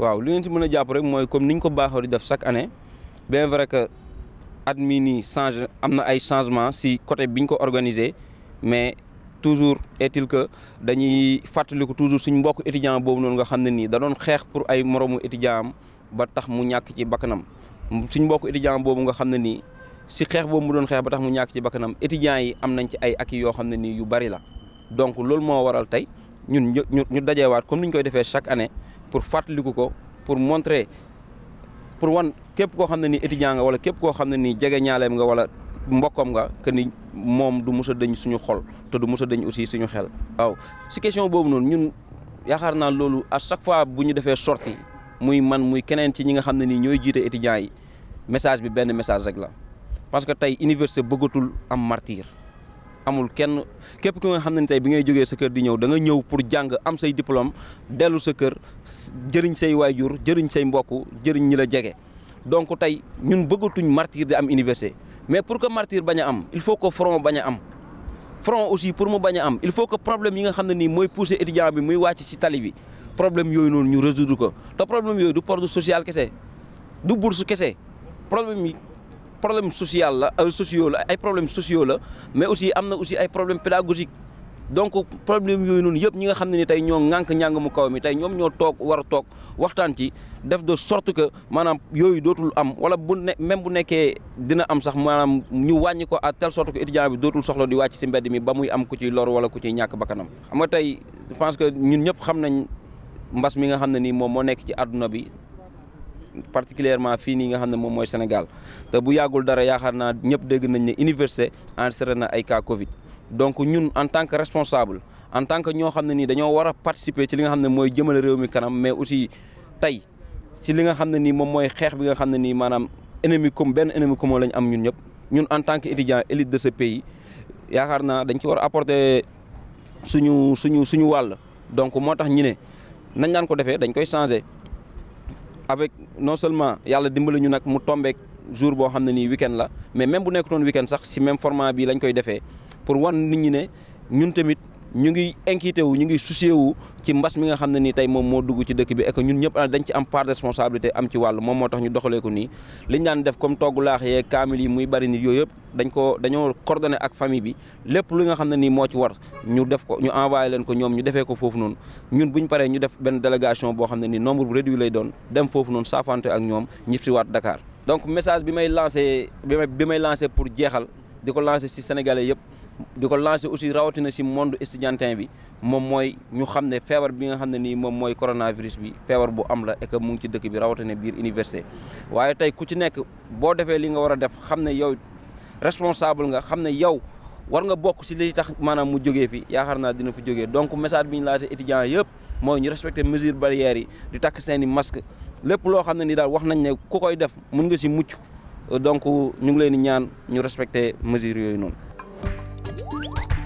waaw li ngeen si mën a jàpp rek mooy comme ni ñu ko baaxoo di def chaque année bien vrai que at mii nii change am na ay changement si côté bi ñu ko organisé mais toujours et il que dañuy fàttaliku toujours suñ mbokk étudiant boobu noonu nga xam ne nii da pour ay moromu étudiant ba tax mu ñàkk ci bakkanam suñ mbokk étudiant boobu nga xam ne nii si xeex boobu mu doon xeex ba tax mu ñàkk ci bakkanam étudiants yi am nañ ci ay aki yoo xam ne nii yu bari la donc loolu moo waral tey ñun ñu ñu dajeewaat comme ni ñu koy defee chaque année. pour fàttaliku ko pour montrer pour wan képp koo xam ne ni étudiant nga wala képp koo xam ne nii jege ñaaleem nga wala mbokkam nga que ni moom du mos a dañ suñu xol te du musa a dañ aussi suñu xel. waaw si question boobu noonu ñun yaakaar naa loolu à chaque fois bu ñu defee sortie muy man muy keneen ci ñi nga xam ne nii ñooy jiite étudiants yi message bi benn message rek la parce que tey université bëggatul am martyr. amul kenn képp ki nga xam ne tey bi ngay jógee sa kër di ñëw da nga ñëw pour jàng am say diplôme dellu sa kër jëriñ say waajur jëriñ say mbokk jëriñ ñi la jege. donc tey ñun bëggatuñ martyr di am université mais pour que martyr bañ am il faut que fron bañ am front aussi pour mu bañ am il faut que problème yi nga xam ne nii mooy pousser étudiant bi muy wàcc ci tali bi problème yooyu noonu ñu résoudre ko to problème yooyu du port social kese du bourse kese problème problème social la euh, sociaux la ay problème socio la mais aussi am na aussi ay problème pédagogique donc problème yooyu noonu yëpp ñi nga xam ne ni tey ñoo ŋànk njàng mu kaw mi tey ñoom ñoo toog war a toog waxtaan ci def de sort que maanaam yooyu dootul am wala bu ne même bu nekkee dina am sax maanaam ñu wàññi ko à tele sorte que étudiant bi dootul soxla di wàcc si mbedd mi ba muy am ku ci lor wala ku ci ñàkk bakkanam xam nga tey je pense que ñun ñëpp xam nañ mbas mi nga xam ne nii moom moo nekk ci àdduna bi particulièrement fii nii nga xam ne moom mooy Sénégal te bu yàggul dara yaakaar naa ñëpp dégg nañ ne université enregistré na ay cas Covid donc ñun en tant que responsable en tant que ñoo xam ne nii dañoo war a participer ci li nga xam ne mooy jëmale réew mi kanam mais aussi tey si li nga xam ne nii moom mooy xeex bi nga xam ne nii maanaam ennemi comme benn ennemi commun lañ am ñun ñëpp ñun en tant que étudiant élite de ce pays yaakaar naa dañ ci war a apporter suñu suñu suñu wàll donc moo tax ñu ne nañ daan ko defee dañ koy changer. avec non seulement yàlla dimbali ñu nag mu tombeek jour boo xam ne nii week la mais même bu nekkutoon week-end sax si même format bi lañ koy defee pour wan ni ñu ne ñun tamit. ñu ngi inquiété wu ñu ngi soucié wu ci mbas mi nga xam ne nii tey moom moo dugg ci dëkk bi et que ñun ñëpp ah dañ ci am part de responsabilité am ci wàll moom moo tax ñu doxalee ko nii liñ daan def comme togg laax yee kaamil yi muy bari nit yooyu yëpp dañ ko dañoo coordonné ak famille bi lépp lu nga xam ne nii moo ci war ñu def ko ñu envoyé leen ko ñoom ñu defee ko foofu noonu ñun buñ paree ñu def benn délégation boo xam ne nii nombre bu réduit lay doon dem foofu noonu saafante ak ñoom ñib si waat donc message bi may lancé bi may lancé pour jeexal di ko lancé si sénégalais yëpp di ko lancé aussi rawatina si monde estudiantin bi moom mooy ñu xam ne feebar bi nga xam ne nii moom mooy coronavirus bi feebar bu am la et que mu ngi ci dëkk bi rawatina biir université waaye tey ku ci nekk boo defee li nga war a def xam ne yow responsable nga xam ne yow war nga bokk si li tax maanaam mu jógee fi yaakaar naa dina fi jógee donc message bi ñu laajte étudiants yëpp mooy ñu respecter mesures barrières yi di takk seeni masque lépp loo xam ne ni daal wax nañ ne ku koy def mun nga si mucc donc ñu ngi leen di ñaan ñu respecter mesures yooyu noonu Thank you.